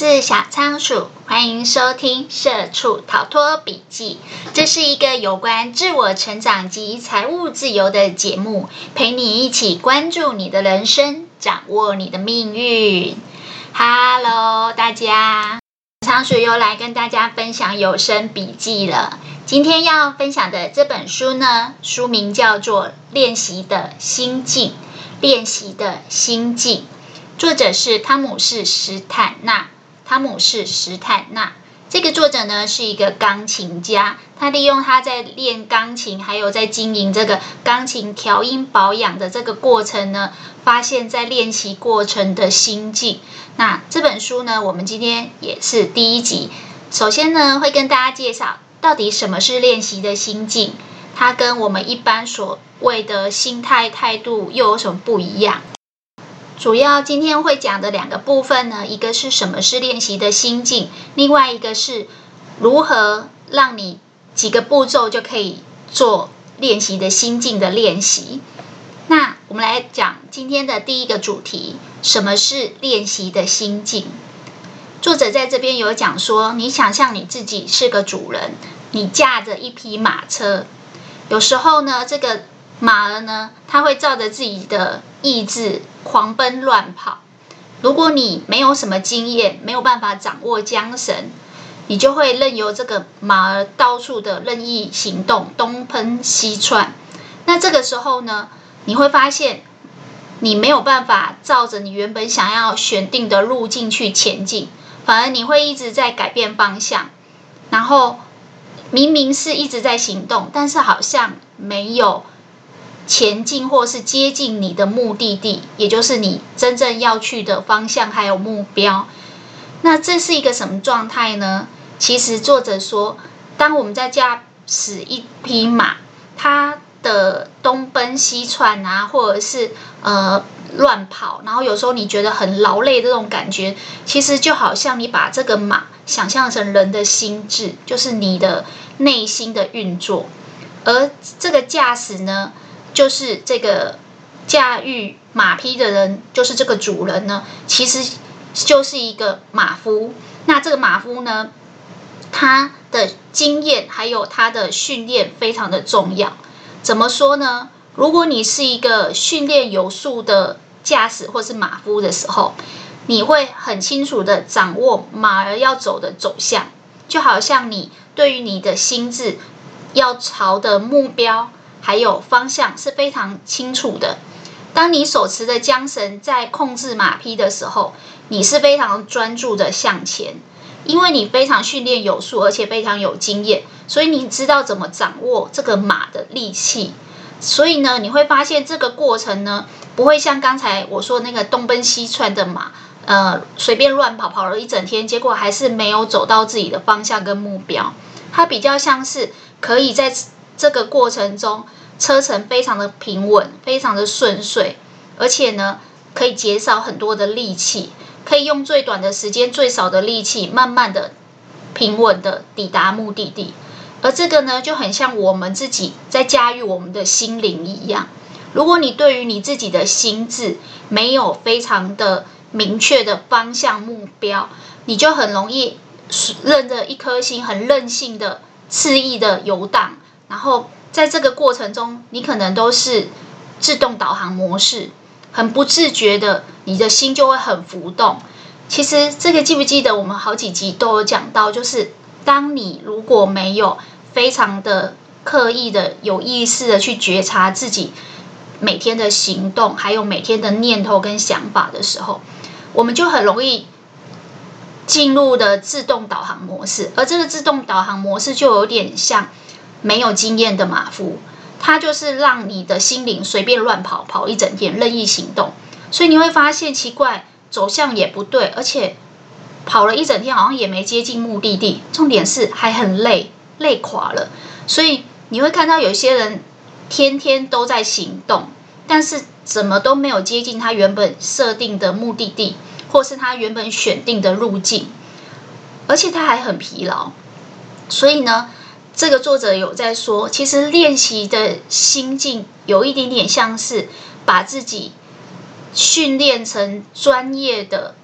是小倉鼠，歡迎收聽《社畜逃脫筆記》。這是一個有關自我成長及財務自由的節目，陪你一起關注你的人生，掌握你的命運。Hello，大家，倉鼠又來跟大家分享有聲筆記了。今天要分享的這本書呢，書名叫做《練習的心境》，《練習的心境》，作者是湯姆士·史坦納。湯姆士·史坦納，這個作者呢是一個鋼琴家，他利用他在練鋼琴，還有在經營這個鋼琴調音保養的這個過程呢，發現，在練習過程的心境。那這本書呢，我們今天也是第一集，首先呢會跟大家介紹到底什麼是練習的心境，它跟我們一般所謂的心態態度又有什麼不一樣？主要今天會講的兩個部分呢，一個是什麼是練習的心境，另外一個是如何讓你幾個步驟就可以做練習的心境的練習。那我們來講今天的第一個主題，什麼是練習的心境？作者在這邊有講說，你想象你自己是個主人，你駕着一匹馬車，有時候呢，這個馬兒呢，它會照着自己的意志。狂奔亂跑，如果你沒有什麼經驗，沒有辦法掌握韁繩，你就會任由這個馬兒到處的任意行動，東奔西竄。那這個時候呢，你會發現你沒有辦法照着你原本想要選定的路徑去前進，反而你會一直在改變方向，然後明明是一直在行動，但是好像沒有。前進或是接近你的目的地，也就是你真正要去的方向還有目標。那這是一個什麼狀態呢？其實作者說，當我們在駕駛一匹馬，它的東奔西竄啊，或者是呃亂跑，然後有時候你覺得很勞累這種感覺，其實就好像你把這個馬想象成人的心智，就是你的內心的運作。而這個駕駛呢，就是這個駕馭馬匹的人，就是這個主人呢，其實就是一個馬夫。那這個馬夫呢，他的經驗還有他的訓練非常的重要。怎麼說呢？如果你是一個訓練有素的駕駛或是馬夫的時候，你會很清楚的掌握馬兒要走的走向。就好像你對於你的心智要朝的目標。還有方向是非常清楚的。當你手持的韁繩在控制馬匹的時候，你是非常專注的向前，因為你非常訓練有素，而且非常有經驗，所以你知道怎麼掌握這個馬的力氣。所以呢，你會發現這個過程呢，不會像剛才我說那個東奔西竄的馬，呃，隨便亂跑，跑了一整天，結果還是沒有走到自己的方向跟目標。它比較像是可以在這個過程中。車程非常的平穩，非常的順遂，而且呢，可以減少很多的力氣，可以用最短的時間、最少的力氣，慢慢的、平穩的抵達目的地。而這個呢，就很像我們自己在駕馭我們的心靈一樣。如果你對於你自己的心智沒有非常的明確的方向目標，你就很容易任着一顆心很任性的、肆意的遊蕩，然後。在這個過程中，你可能都是自動導航模式，很不自覺的，你的心就會很浮動。其實這個記不記得，我們好幾集都有講到，就是當你如果沒有非常的刻意的、有意識的去覺察自己每天的行動，還有每天的念頭跟想法的時候，我們就很容易進入的自動導航模式，而這個自動導航模式就有點像。沒有經驗的馬夫，他就是讓你的心靈隨便亂跑，跑一整天，任意行動。所以你會發現奇怪，走向也不對，而且跑了一整天，好像也沒接近目的地。重點是還很累，累垮了。所以你會看到有些人天天都在行動，但是怎麼都沒有接近他原本設定的目的地，或是他原本選定的路徑，而且他還很疲勞。所以呢？這個作者有在說，其實練習的心境有一點點像是把自己訓練成專業的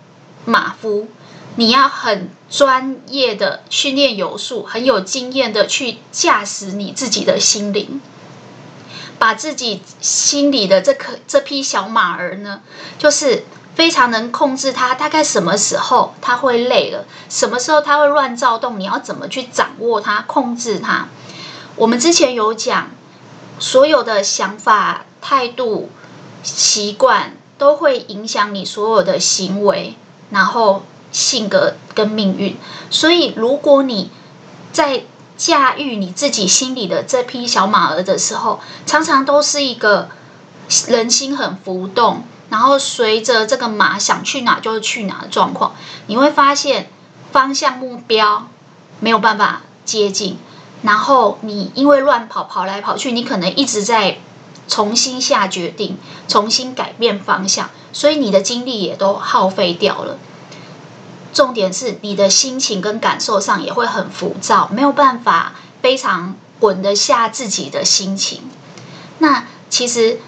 馬夫，你要很專業的訓練有素，很有經驗的去駕駛你自己的心靈，把自己心裡的這顆這匹小馬兒呢，就是。非常能控制它，大概什麼時候他會累了，什麼時候他會亂躁動，你要怎麼去掌握它、控制它？我們之前有講，所有的想法、態度、習慣都會影響你所有的行為，然後性格跟命運。所以，如果你在駕馭你自己心裡的這批小馬兒的時候，常常都是一個人心很浮動。然後隨着這個馬想去哪就去哪的狀況，你會發現方向目標沒有辦法接近。然後你因為亂跑，跑來跑去，你可能一直在重新下決定、重新改變方向，所以你的精力也都耗費掉了。重點是你的心情跟感受上也會很浮躁，沒有辦法非常穩得下自己的心情。那其實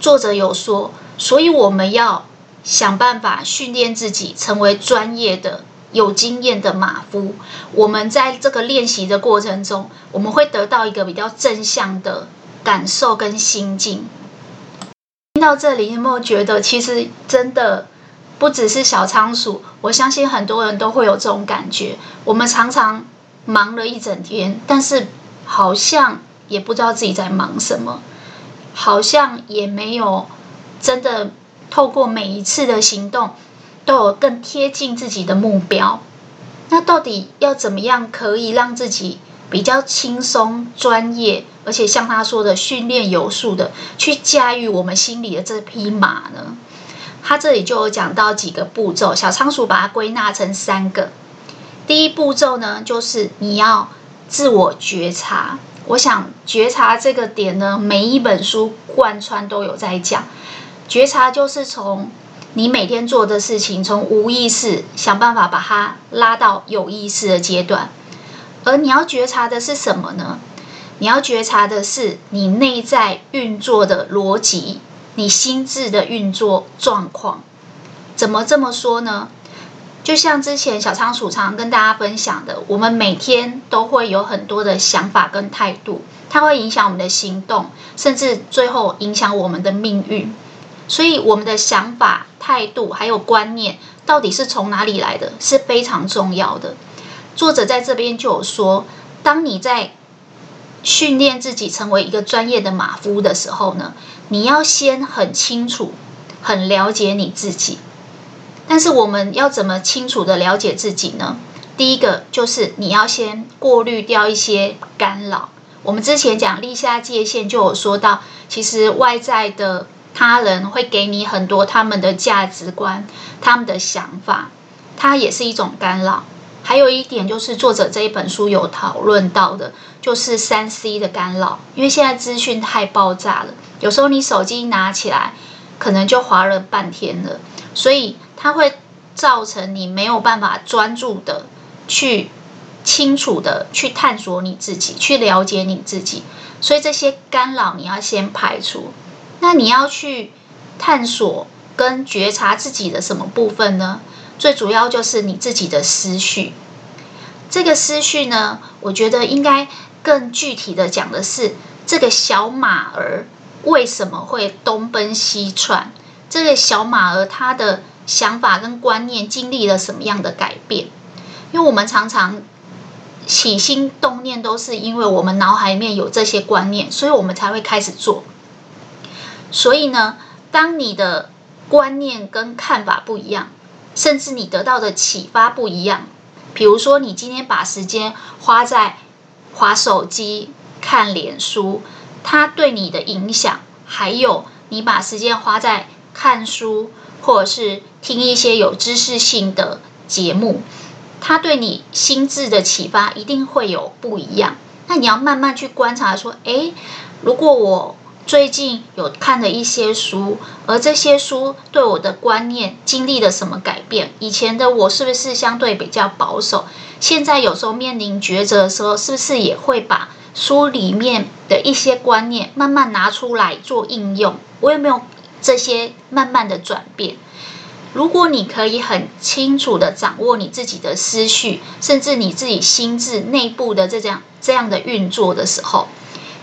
作者有說。所以我們要想辦法訓練自己，成為專業的、有經驗的馬夫。我們在這個練習的過程中，我們會得到一個比較正向的感受跟心境。聽到這裡，有沒有覺得其實真的不只是小倉鼠？我相信很多人都會有這種感覺。我們常常忙了一整天，但是好像也不知道自己在忙什麼，好像也沒有。真的透過每一次的行動，都有更貼近自己的目標。那到底要怎麼樣，可以讓自己比較輕鬆、專業，而且像他說的訓練有術的，去駕馭我們心裡的這匹馬呢？他這裡就有講到幾個步驟，小倉鼠把它歸納成三個。第一步驟呢，就是你要自我覺察。我想覺察這個點呢，每一本書貫穿都有在講。覺察就是從你每天做的事情，從無意識想辦法把它拉到有意識的階段。而你要覺察的是什麼呢？你要覺察的是你內在運作的邏輯，你心智的運作狀況。怎麼這麼說呢？就像之前小倉鼠常常跟大家分享的，我們每天都會有很多的想法跟態度，它會影響我們的行動，甚至最後影響我們的命運。所以我們的想法、態度還有觀念，到底是從哪裡來的，是非常重要的。作者在這邊就有說，當你在訓練自己成為一個專業的馬伕的時候呢，你要先很清楚、很了解你自己。但是我們要怎麼清楚的了解自己呢？第一個就是你要先過濾掉一些干擾。我們之前講立下界限就有說到，其實外在的。他人會給你很多他們的價值觀、他們的想法，它也是一種干擾。還有一點就是，作者這一本書有討論到的，就是三 C 的干擾，因為現在資訊太爆炸了，有時候你手機拿起來，可能就滑了半天了，所以它會造成你沒有辦法專注的去清楚的去探索你自己，去了解你自己。所以這些干擾，你要先排除。那你要去探索跟覺察自己的什麼部分呢？最主要就是你自己的思緒。這個思緒呢，我覺得應該更具體的講的是，這個小馬兒為什麼會東奔西竄？這個小馬兒他的想法跟觀念經歷了什麼樣的改變？因為我們常常起心動念都是因為我們腦海裡面有這些觀念，所以我們才會開始做。所以呢，當你的觀念跟看法不一樣，甚至你得到的啟發不一樣，比如說你今天把時間花在滑手機、看臉書，它對你的影響，還有你把時間花在看書或者是聽一些有知識性的節目，它對你心智的啟發一定會有不一樣。那你要慢慢去觀察說，誒、欸，如果我。最近有看了一些書，而這些書對我的觀念經歷了什麼改變？以前的我是不是相對比較保守？現在有時候面臨抉擇的時候，是不是也會把書裡面的一些觀念慢慢拿出來做應用？我有沒有這些慢慢的轉變？如果你可以很清楚的掌握你自己的思緒，甚至你自己心智內部的這樣、這樣的運作的時候，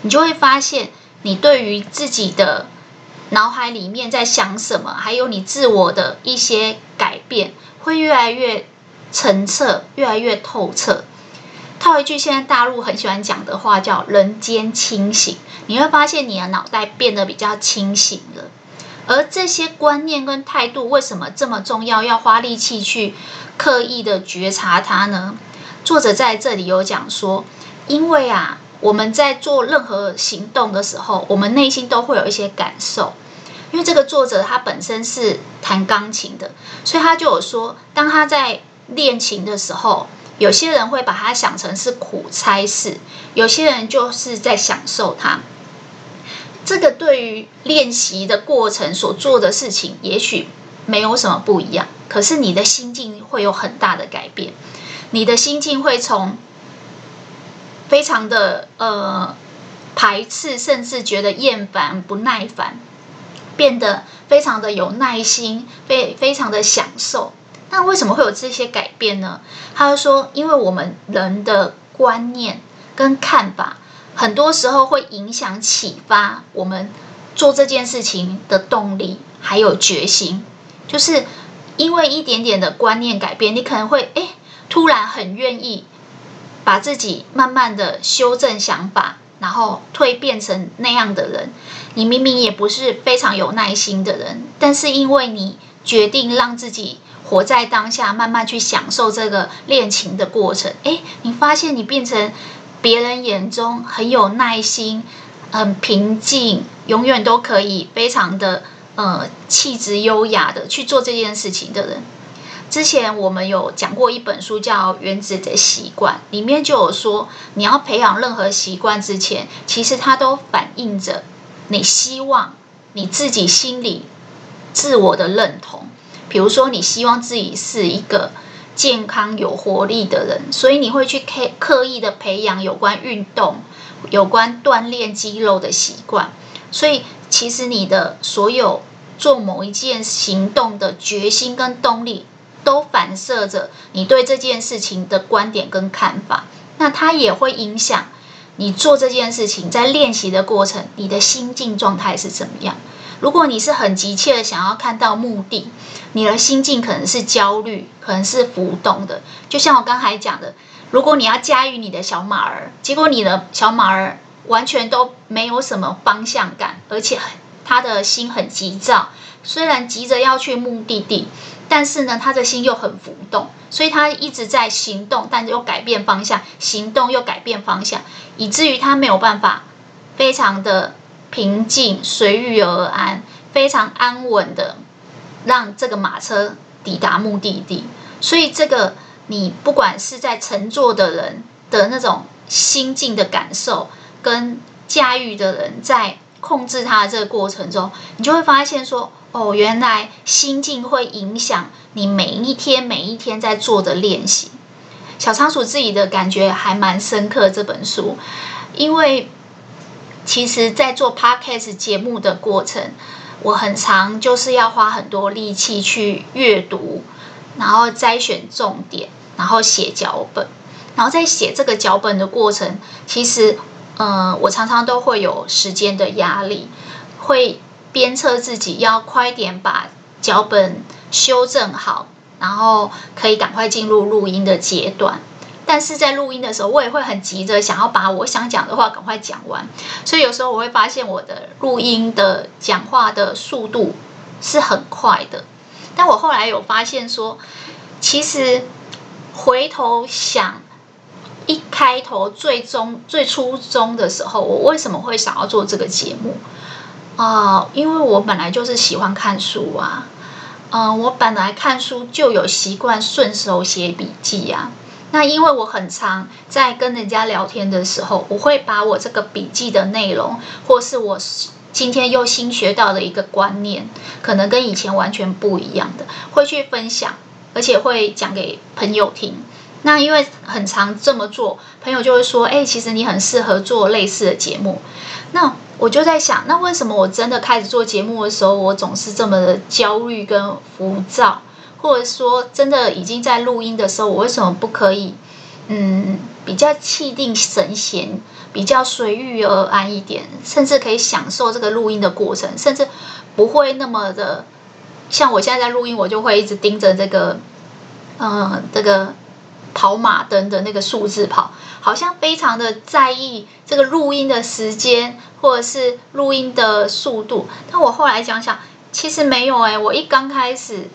你就會發現。你對於自己的腦海裡面在想什麼，還有你自我的一些改變，會越來越澄澈，越來越透徹。套一句現在大陸很喜歡講的話，叫“人間清醒”。你會發現你的腦袋變得比較清醒了。而這些觀念跟態度為什麼這麼重要？要花力氣去刻意的覺察它呢？作者在這裡有講說，因為啊。我們在做任何行動的時候，我們內心都會有一些感受。因為這個作者他本身是彈鋼琴的，所以他就有說，當他在練琴的時候，有些人會把他想成是苦差事，有些人就是在享受它。這個對於練習的過程所做的事情，也許沒有什麼不一樣，可是你的心境會有很大的改變，你的心境會從。非常的呃排斥，甚至覺得厭煩、不耐煩，變得非常的有耐心，非非常的享受。那為什麼會有這些改變呢？他就說：“因為我們人的觀念跟看法，很多時候會影響、啟發我們做這件事情的動力還有決心。就是因為一點點的觀念改變，你可能會哎，突然很願意。”把自己慢慢的修正想法，然後蛻變成那樣的人。你明明也不是非常有耐心的人，但是因為你決定讓自己活在當下，慢慢去享受這個練琴的過程，哎、欸，你發現你變成別人眼中很有耐心、很、嗯、平靜、永遠都可以非常的呃氣質優雅的去做這件事情的人。之前我們有講過一本書，叫《原子的習慣》，裡面就有說，你要培養任何習慣之前，其實它都反映着你希望你自己心裡自我的認同。比如說，你希望自己是一個健康有活力的人，所以你會去刻意的培養有關運動、有關鍛鍊肌肉的習慣。所以，其實你的所有做某一件行動的決心跟動力。都反射着你對這件事情的觀點跟看法，那它也會影響你做這件事情。在練習的過程，你的心境狀態是怎麼樣？如果你是很急切的想要看到目的，你的心境可能是焦慮，可能是浮動的。就像我剛才講的，如果你要駕馭你的小馬兒，結果你的小馬兒完全都沒有什麼方向感，而且他的心很急躁，雖然急着要去目的地。但是呢，他的心又很浮動，所以他一直在行動，但是又改變方向，行動又改變方向，以至於他沒有辦法非常的平靜、隨遇而安，非常安穩的讓這個馬車抵達目的地。所以，這個你不管是在乘坐的人的那種心境的感受，跟駕馭的人在控制他的這個過程中，你就會發現說。哦，原來心境會影響你每一天、每一天在做的練習。小倉鼠自己的感覺還蠻深刻這本書，因為其實，在做 podcast 節目的過程，我很常就是要花很多力氣去閱讀，然後摘選重點，然後寫腳本，然後在寫這個腳本的過程，其實，嗯、呃，我常常都會有時間的壓力，會，鞭策自己要快點把腳本修正好，然後可以趕快進入錄音的階段。但是在錄音的時候，我也會很急着想要把我想講的話趕快講完，所以有時候我會發現我的錄音的講話的速度是很快的。但我後來有發現說，其實回頭想，一開頭最終最初衷的時候，我為什麼會想要做這個節目？哦、呃，因為我本來就是喜歡看書啊，嗯、呃，我本來看書就有習慣順手寫筆記啊。那因為我很常在跟人家聊天的時候，我會把我這個筆記的內容，或是我今天又新學到的一個觀念，可能跟以前完全不一樣的，會去分享，而且會講給朋友聽。那因為很常這麼做，朋友就會說：“哎、欸，其實你很適合做類似的節目。”那我就在想，那為什麼我真的開始做節目的時候，我總是這麼的焦慮跟浮躁？或者說，真的已經在錄音的時候，我為什麼不可以，嗯，比較氣定神閒，比較隨遇而安一點，甚至可以享受這個錄音的過程，甚至不會那麼的像我現在在錄音，我就會一直盯着這個，嗯，這個跑馬燈的那個數字跑。好像非常的在意這個錄音的時間或者是錄音的速度，但我後來想想，其實沒有哎、欸，我一剛開始，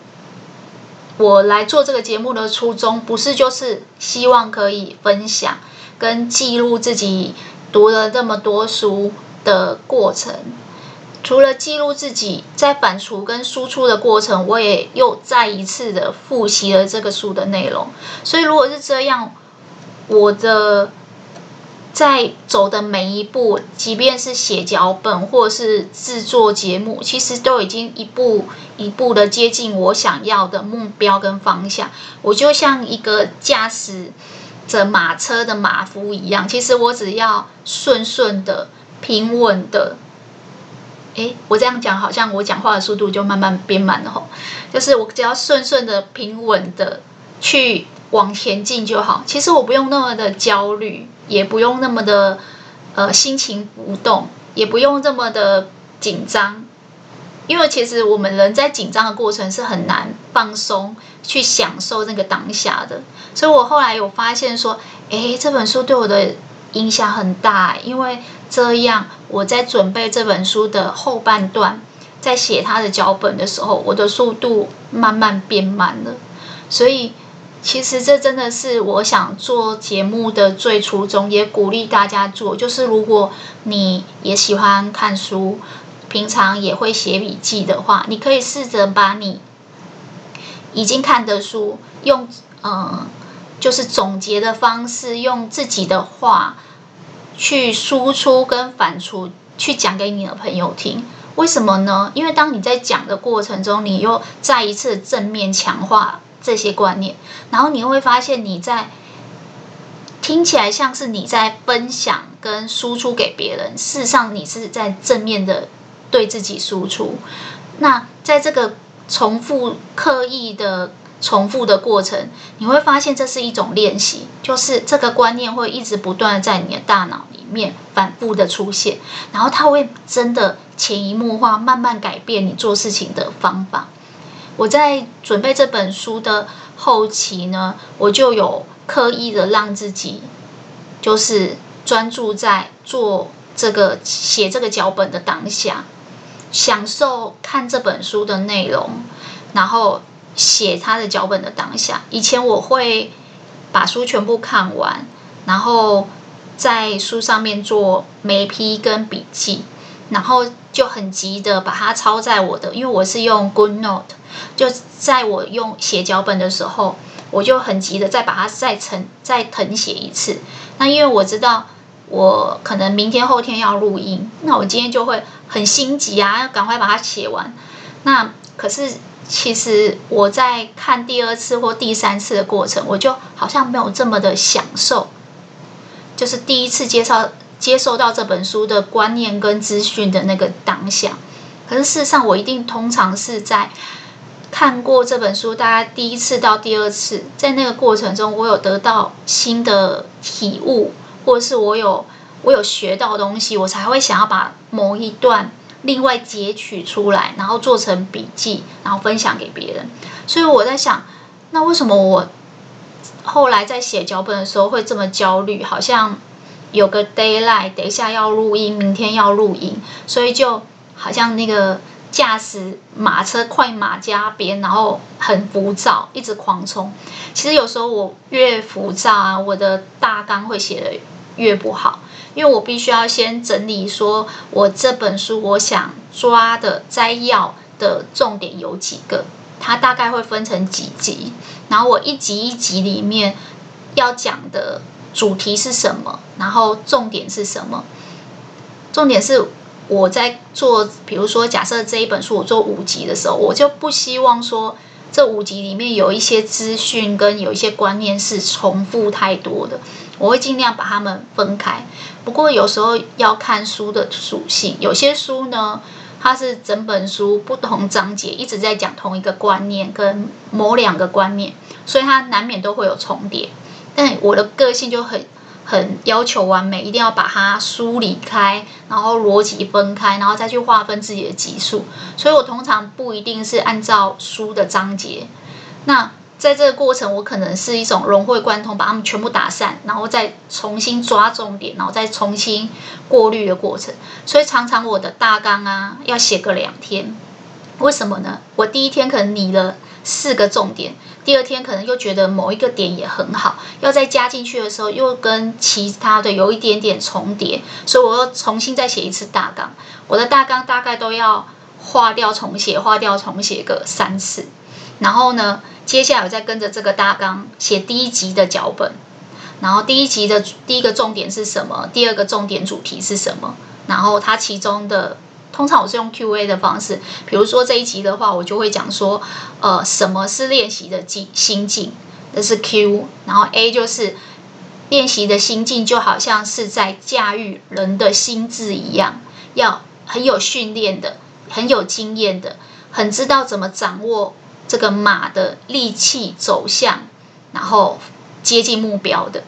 我來做這個節目的初衷，不是就是希望可以分享跟記錄自己讀了這麼多書的過程。除了記錄自己在反芻跟輸出的過程，我也又再一次的複習了這個書的內容。所以如果是這樣。我的在走的每一步，即便是寫腳本或是制作節目，其實都已經一步一步的接近我想要的目標跟方向。我就像一個駕駛着馬車的馬夫一樣，其實我只要順順的、平穩的。誒，我這樣講好像我講話的速度就慢慢變慢了哦，就是我只要順順的、平穩的去。往前進就好。其實我不用那麼的焦慮，也不用那麼的呃心情不動，也不用這麼的緊張，因為其實我們人在緊張的過程是很難放鬆去享受那個當下的。所以我後來有發現說，哎、欸，這本書對我的影響很大、欸，因為這樣我在準備這本書的後半段，在寫它的腳本的時候，我的速度慢慢變慢了，所以。其實這真的是我想做節目的最初衷，也鼓勵大家做。就是如果你也喜歡看書，平常也會寫筆記的話，你可以試着把你已經看的書用嗯、呃，就是總結的方式，用自己的話去輸出跟反芻，去講給你的朋友聽。為什麼呢？因為當你在講的過程中，你又再一次正面強化。這些觀念，然後你會發現你在聽起來像是你在分享跟輸出給別人，事實上你是在正面的對自己輸出。那在這個重複刻意的重複的過程，你會發現這是一種練習，就是這個觀念會一直不斷的在你的大腦裡面反覆的出現，然後它會真的潛移默化，慢慢改變你做事情的方法。我在準備這本書的後期呢，我就有刻意的讓自己，就是專注在做這個寫這個腳本的當下，享受看這本書的內容，然後寫他的腳本的當下。以前我會把書全部看完，然後在書上面做眉批跟筆記。然後就很急的把它抄在我的，因為我是用 Good Note，就在我用寫腳本的時候，我就很急的再把它再謄再謄寫一次。那因為我知道我可能明天後天要錄音，那我今天就會很心急啊，要趕快把它寫完。那可是其實我在看第二次或第三次的過程，我就好像沒有這麼的享受，就是第一次介紹。接受到這本書的觀念跟資訊的那個當下，可是事實上我一定通常是在看過這本書，大家第一次到第二次，在那個過程中，我有得到新的體悟，或是我有我有學到東西，我才會想要把某一段另外截取出來，然後做成筆記，然後分享給別人。所以我在想，那為什麼我後來在寫腳本的時候會這麼焦慮？好像。有個 daylight，等一下要錄音，明天要錄音，所以就好像那個駕駛馬車，快馬加鞭，然後很浮躁，一直狂衝。其實有時候我越浮躁啊，我的大綱會寫得越不好，因為我必須要先整理說，我這本書我想抓的摘要的重點有幾個，它大概會分成幾集，然後我一集一集裡面要講的，主題是什麼？然後重點是什麼？重點是我在做，比如說，假設這一本書我做五集的時候，我就不希望說這五集裡面有一些資訊跟有一些觀念是重複太多的。我會儘量把它們分開。不過有時候要看書的屬性，有些書呢，它是整本書不同章節一直在講同一個觀念跟某兩個觀念，所以它難免都會有重疊。但我的個性就很很要求完美，一定要把它梳理開，然後邏輯分開，然後再去劃分自己的級數。所以我通常不一定是按照書的章節。那在這個過程，我可能是一種融會貫通，把它們全部打散，然後再重新抓重點，然後再重新過濾的過程。所以常常我的大綱啊，要寫個兩天。為什麼呢？我第一天可能擬了。四個重點，第二天可能又覺得某一個點也很好，要再加進去的時候，又跟其他的有一點點重疊，所以我又重新再寫一次大綱。我的大綱大概都要劃掉重寫，劃掉重寫個三次。然後呢，接下來我再跟着這個大綱寫第一集的腳本。然後第一集的第一個重點是什麼？第二個重點主題是什麼？然後它其中的。通常我是用 Q&A 的方式，比如說這一集的話，我就會講說，呃，什麼是練習的心境？這是 Q，然後 A 就是練習的心境就好像是在駕馭人的心智一樣，要很有訓練的，很有經驗的，很知道怎麼掌握這個馬的力氣走向，然後接近目標的。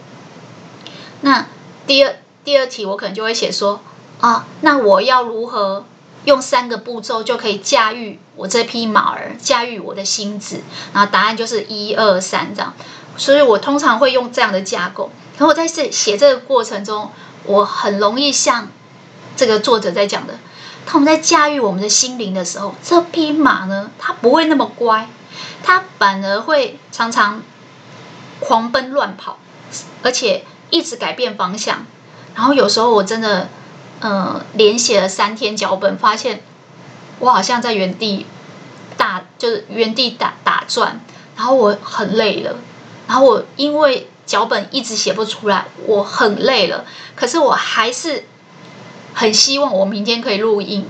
那第二第二題，我可能就會寫說，啊，那我要如何？用三個步驟就可以駕馭我這匹馬兒，駕馭我的心智，然後答案就是一二三這樣。所以我通常會用這樣的架構。然後我在寫這個過程中，我很容易像這個作者在講的，當我們在駕馭我們的心靈的時候，這匹馬呢，它不會那麼乖，它反而會常常狂奔亂跑，而且一直改變方向。然後有時候我真的。嗯，連寫了三天腳本，發現我好像在原地打，就是原地打打轉，然後我很累了，然後我因為腳本一直寫不出來，我很累了，可是我還是很希望我明天可以錄音，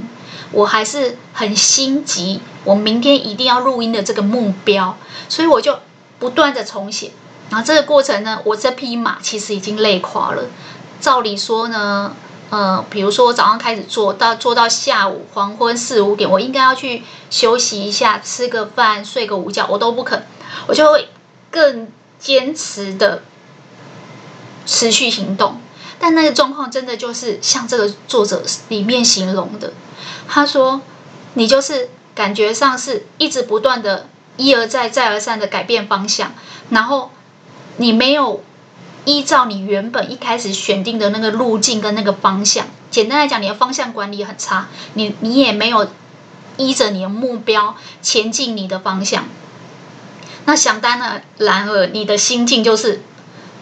我還是很心急，我明天一定要錄音的這個目標，所以我就不斷的重寫，然後這個過程呢，我這匹馬其實已經累垮了，照理說呢。呃、嗯，比如說我早上開始做到做到下午黃昏四五點，我應該要去休息一下，吃個飯，睡個午覺，我都不肯，我就會更堅持的持續行動。但那個狀況真的就是像這個作者裡面形容的，他說你就是感覺上是一直不斷的一而再再而三的改變方向，然後你沒有。依照你原本一開始選定的那個路徑跟那個方向，簡單來講，你的方向管理很差，你你也沒有依着你的目標前進你的方向。那想當然，然而你的心境就是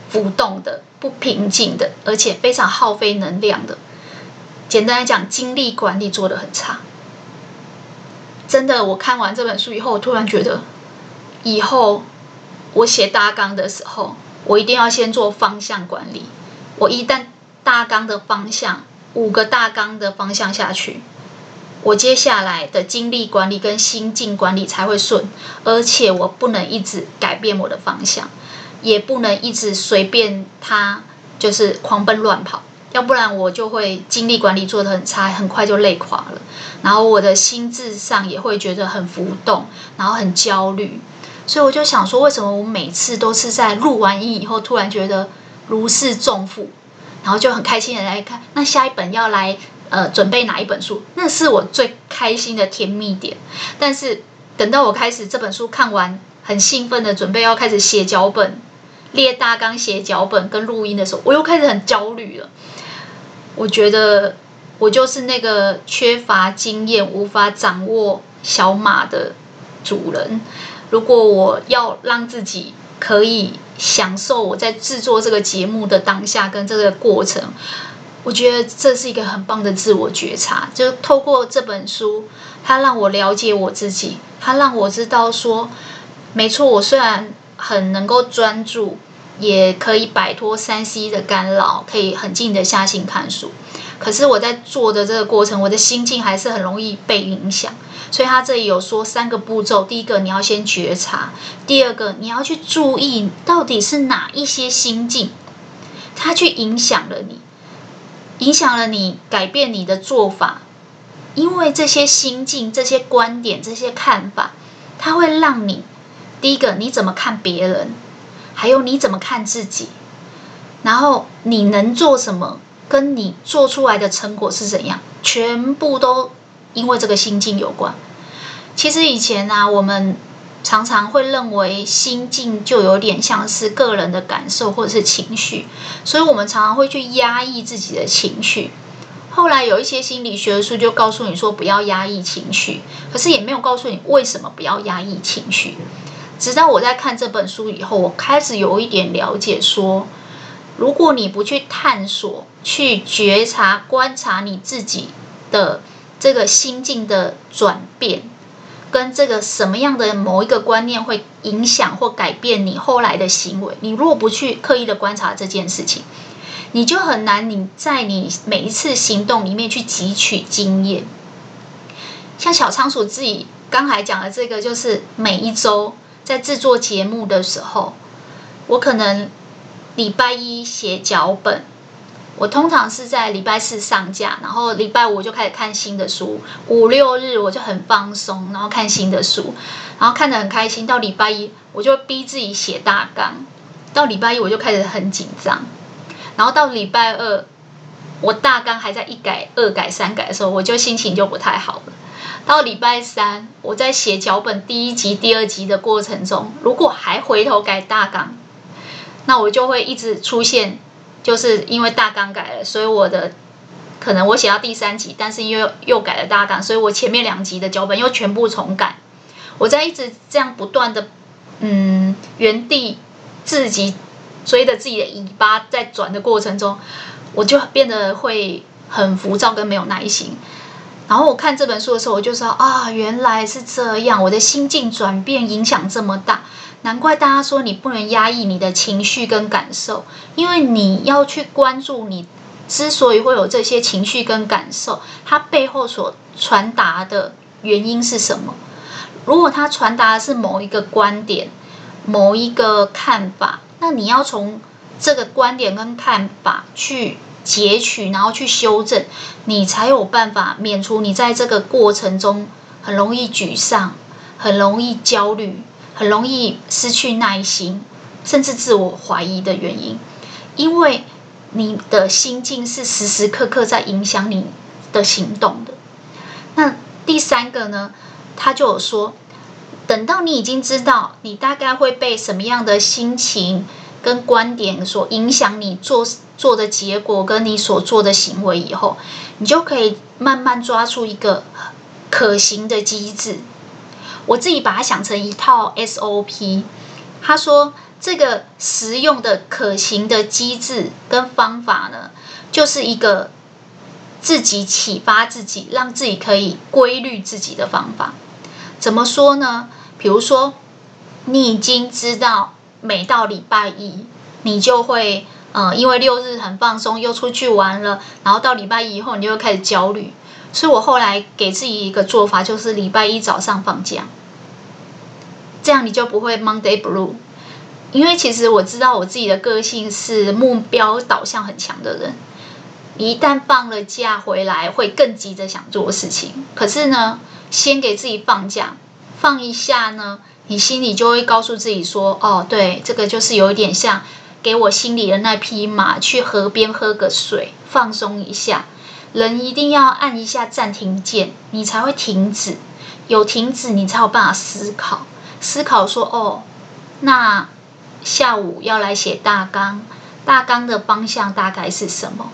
浮動的、不平靜的，而且非常耗費能量的。簡單來講，精力管理做的很差。真的，我看完這本書以後，我突然覺得以後我寫大綱的時候。我一定要先做方向管理，我一旦大綱的方向，五個大綱的方向下去，我接下來的精力管理跟心境管理才會順，而且我不能一直改變我的方向，也不能一直隨便它就是狂奔亂跑，要不然我就會精力管理做得很差，很快就累垮了，然後我的心智上也會覺得很浮動，然後很焦慮。所以我就想說，為什麼我每次都是在錄完音以後，突然覺得如釋重負，然後就很開心的來看那下一本要來呃準備哪一本書？那是我最開心的甜蜜點。但是等到我開始這本書看完，很興奮的準備要開始寫腳本、列大綱、寫腳本跟錄音的時候，我又開始很焦慮了。我覺得我就是那個缺乏經驗、無法掌握小馬的主人。如果我要讓自己可以享受我在製作這個節目的當下跟這個過程，我覺得這是一個很棒的自我覺察。就透過這本書，它讓我了解我自己，它讓我知道說，沒錯，我雖然很能夠專注，也可以擺脫三 C 的干擾，可以很靜得下心看書。可是我在做的這個過程，我的心境還是很容易被影響，所以他這裡有說三個步驟：第一個，你要先覺察；第二個，你要去注意到底是哪一些心境，他去影響了你，影響了你改變你的做法，因為這些心境、這些觀點、這些看法，他會讓你第一個你怎麼看別人，還有你怎麼看自己，然後你能做什麼？跟你做出來的成果是怎樣，全部都因為這個心境有關。其實以前呢、啊，我們常常會認為心境就有點像是個人的感受或者是情緒，所以我們常常會去壓抑自己的情緒。後來有一些心理學的書就告訴你說不要壓抑情緒，可是也沒有告訴你為什麼不要壓抑情緒。直到我在看這本書以後，我開始有一點了解說，說如果你不去探索。去覺察、觀察你自己的這個心境的轉變，跟這個什麼樣的某一個觀念會影響或改變你後來的行為。你如果不去刻意的觀察這件事情，你就很難你在你每一次行動裡面去汲取經驗。像小倉鼠自己剛才講的這個，就是每一周在制作節目的時候，我可能禮拜一寫腳本。我通常是在禮拜四上架，然後禮拜五我就開始看新的書，五六日我就很放鬆，然後看新的書，然後看得很開心。到禮拜一，我就逼自己寫大綱。到禮拜一，我就開始很緊張。然後到禮拜二，我大綱還在一改、二改、三改的時候，我就心情就不太好了。到禮拜三，我在寫腳本第一集、第二集的過程中，如果還回頭改大綱，那我就會一直出現。就是因為大綱改了，所以我的可能我寫到第三集，但是又又改了大綱，所以我前面兩集的腳本又全部重改。我在一直這樣不斷的，嗯，原地自己追着自己的尾巴在轉的過程中，我就變得會很浮躁跟沒有耐心。然後我看這本書的時候，我就說啊，原來是這樣，我的心境轉變影響這麼大。難怪大家說你不能壓抑你的情緒跟感受，因為你要去關注你之所以會有這些情緒跟感受，它背後所傳達的原因是什麼？如果它傳達的是某一個觀點、某一個看法，那你要從這個觀點跟看法去截取，然後去修正，你才有辦法免除你在這個過程中很容易沮喪、很容易焦慮。很容易失去耐心，甚至自我懷疑的原因，因為你的心境是時時刻刻在影響你的行動的。那第三個呢？他就有說，等到你已經知道你大概會被什麼樣的心情跟觀點所影響，你做做的結果跟你所做的行為以後，你就可以慢慢抓住一個可行的機制。我自己把它想成一套 SOP。他說，這個實用的、可行的機制跟方法呢，就是一個自己啟發自己，讓自己可以規律自己的方法。怎麼說呢？比如說，你已經知道，每到禮拜一，你就會，呃，因為六日很放鬆，又出去玩了，然後到禮拜一以後，你就開始焦慮。所以我後來給自己一個做法，就是禮拜一早上放假，這樣你就不會 Monday Blue。因為其實我知道我自己的個性是目標導向很強的人，一旦放了假回來，會更急着想做事情。可是呢，先給自己放假，放一下呢，你心裡就會告訴自己說：“哦，對，這個就是有一點像給我心裡的那匹馬去河邊喝個水，放鬆一下。”人一定要按一下暫停鍵，你才會停止。有停止，你才有辦法思考。思考說，哦，那下午要來寫大綱，大綱的方向大概是什麼？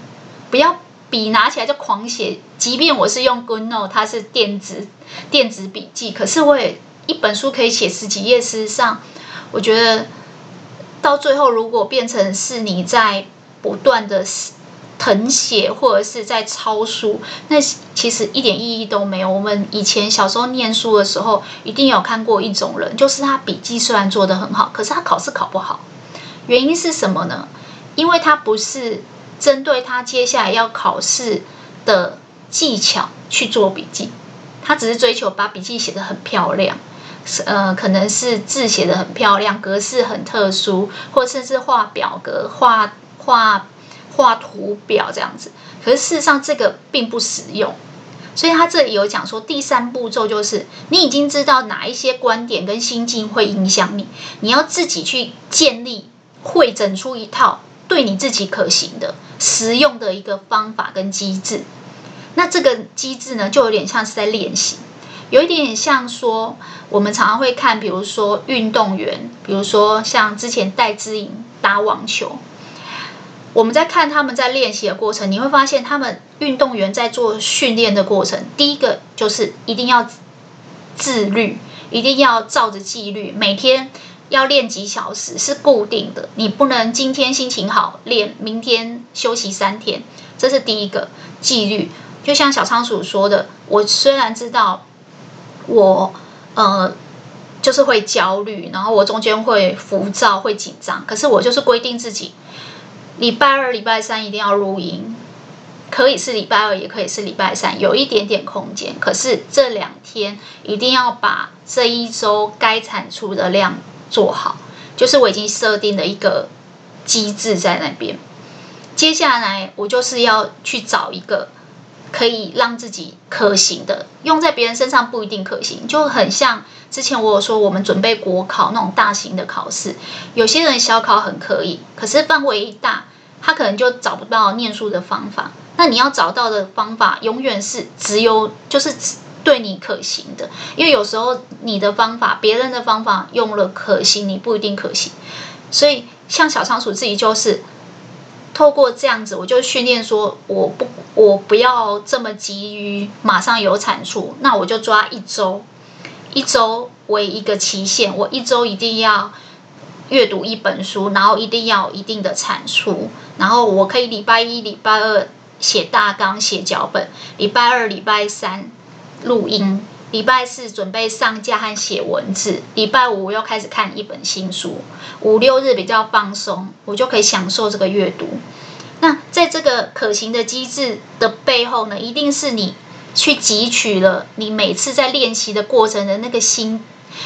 不要筆拿起來就狂寫。即便我是用 GoodNote，它是電子電子筆記，可是我也一本書可以寫十幾頁事實上。我覺得到最後，如果變成是你在不斷的。謄寫或者是在抄書，那其實一點意義都沒有。我們以前小時候念書的時候，一定有看過一種人，就是他筆記雖然做得很好，可是他考試考不好。原因是什麼呢？因為他不是針對他接下來要考試的技巧去做筆記，他只是追求把筆記寫得很漂亮，呃，可能是字寫得很漂亮，格式很特殊，或者甚至畫表格、畫畫。畫圖表這樣子，可是事實上這個並不實用，所以他這裡有講說，第三步驟就是你已經知道哪一些觀點跟心境會影響你，你要自己去建立、彙整出一套對你自己可行的、實用的一個方法跟機制。那這個機制呢，就有點像是在練習，有一點像說我們常常會看，比如說運動員，比如說像之前戴資穎打網球。我們在看他們在練習的過程，你會發現他們運動員在做訓練的過程，第一個就是一定要自律，一定要照着紀律，每天要練幾小時是固定的，你不能今天心情好練，明天休息三天，這是第一個紀律。就像小倉鼠說的，我雖然知道我呃就是會焦慮，然後我中間會浮躁、會緊張，可是我就是規定自己，禮拜二、禮拜三一定要錄音，可以是禮拜二，也可以是禮拜三，有一點點空間。可是這兩天一定要把這一周該產出的量做好，就是我已經設定了一個機制在那邊。接下來我就是要去找一個。可以讓自己可行的用在別人身上不一定可行，就很像之前我有說，我們準備國考那種大型的考試，有些人小考很可以，可是範圍一大，他可能就找不到念書的方法。那你要找到的方法，永遠是只有就是對你可行的，因為有時候你的方法，別人的方法用了可行，你不一定可行。所以像小倉鼠自己就是，透過這樣子，我就訓練說，我不，我不要這麼急於馬上有產出。那我就抓一周，一周為一個期限，我一周一定要閱讀一本書，然後一定要有一定的產出，然後我可以禮拜一、禮拜二寫大綱、寫腳本，禮拜二、禮拜三錄音。嗯禮拜四準備上架和寫文字，禮拜五我又開始看一本新書，五六日比較放鬆，我就可以享受這個閱讀。那在這個可行的機制的背後呢，一定是你去汲取了你每次在練習的過程的那個心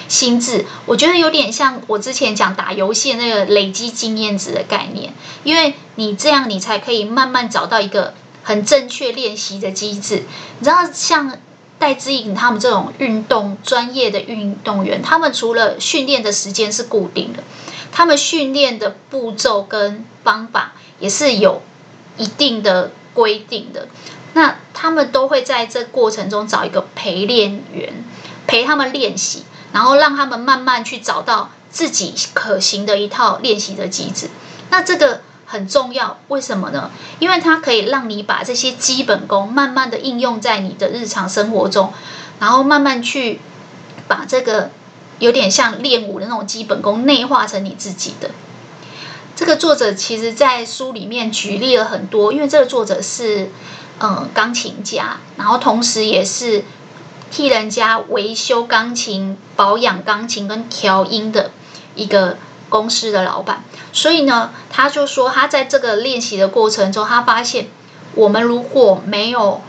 心智。我覺得有點像我之前講打遊戲那個累積經驗值的概念，因為你這樣你才可以慢慢找到一個很正確練習的機制。你知道像。戴資穎他們這種運動專業的運動員，他們除了訓練的時間是固定的，他們訓練的步驟跟方法也是有一定的規定的。那他們都會在這過程中找一個陪練員陪他們練習，然後讓他們慢慢去找到自己可行的一套練習的機制。那這個。很重要，為什麼呢？因為它可以讓你把這些基本功慢慢的應用在你的日常生活中，然後慢慢去把這個有點像練武的那種基本功內化成你自己的。這個作者其實在書裡面舉例了很多，因為這個作者是嗯、呃、鋼琴家，然後同時也是替人家維修鋼琴、保養鋼琴跟調音的一個。公司的老闆，所以呢，他就說，他在這個練習的過程中，他發現，我們如果沒有，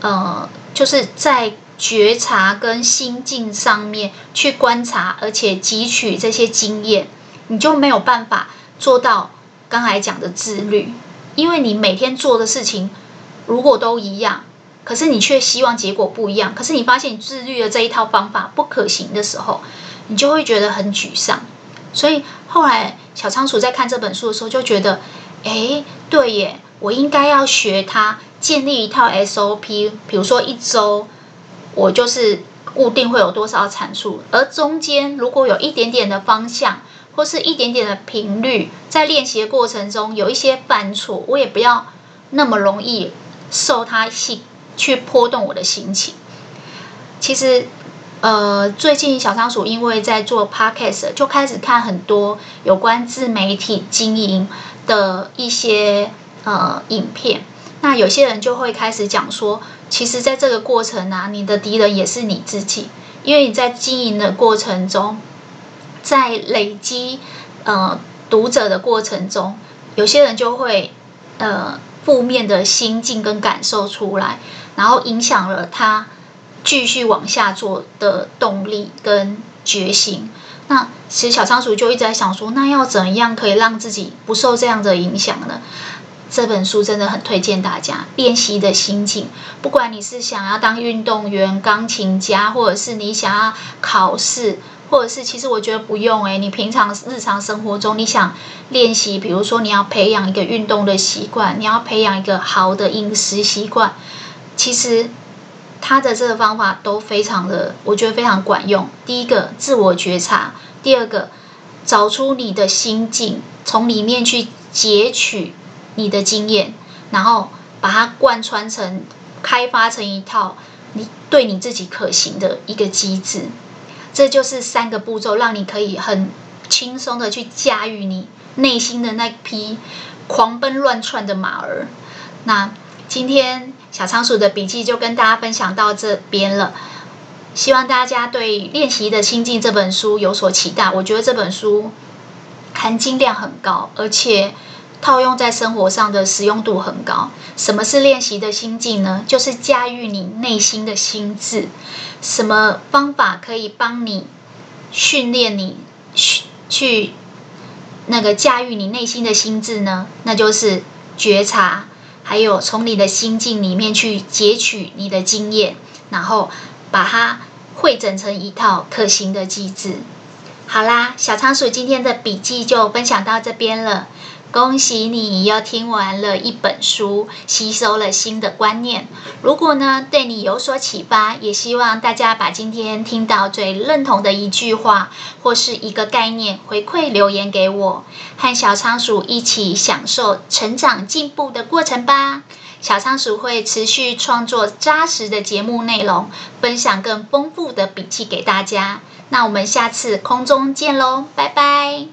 呃，就是在覺察跟心境上面去觀察，而且汲取這些經驗，你就沒有辦法做到剛才講的自律，因為你每天做的事情如果都一樣，可是你卻希望結果不一樣，可是你發現你自律的這一套方法不可行的時候，你就會覺得很沮喪。所以後來小倉鼠在看這本書的時候就覺得，哎，對耶，我應該要學它，建立一套 SOP，比如說一周我就是固定會有多少產出，而中間如果有一點點的方向，或是一點點的頻率，在練習的過程中有一些犯錯，我也不要那麼容易受它性去波動我的心情。其實。呃，最近小倉鼠因為在做 Podcast，就開始看很多有關自媒體經營的一些呃，影片。那有些人就會開始講說，其實在這個過程啊，你的敵人也是你自己，因為你在經營的過程中，在累積呃讀者的過程中，有些人就會呃負面的心境跟感受出來，然後影響了他。繼續往下做的動力跟決心，那其實小倉鼠就一直在想說，那要怎樣可以讓自己不受這樣的影響呢？這本書真的很推薦大家練習的心境，不管你是想要當運動員、鋼琴家，或者是你想要考試，或者是其實我覺得不用誒，你平常日常生活中你想練習，比如說你要培養一個運動的習慣，你要培養一個好的飲食習慣，其實。他的這個方法都非常的，我覺得非常管用。第一個，自我覺察；第二個，找出你的心境，從裡面去截取你的經驗，然後把它貫穿成、開發成一套你對你自己可行的一個機制。這就是三個步驟，讓你可以很輕鬆的去駕馭你內心的那匹狂奔亂竄的馬兒。那今天。小倉鼠的筆記就跟大家分享到這邊了，希望大家對《練習的心境》這本書有所期待。我覺得這本書含金量很高，而且套用在生活上的實用度很高。什麼是練習的心境呢？就是駕馭你內心的心智。什麼方法可以幫你訓練你去那個駕馭你內心的心智呢？那就是覺察。還有從你的心境裡面去截取你的經驗，然後把它彙整成一套可行的機制。好啦，小倉鼠今天的筆記就分享到這邊了。恭喜你又聽完了一本書，吸收了新的觀念。如果呢，對你有所啟發，也希望大家把今天聽到最認同的一句話，或是一個概念回饋留言給我，和小倉鼠一起享受成長進步的過程吧。小倉鼠會持續創作扎實的節目內容，分享更豐富的筆記給大家。那我們下次空中見嘍，拜拜。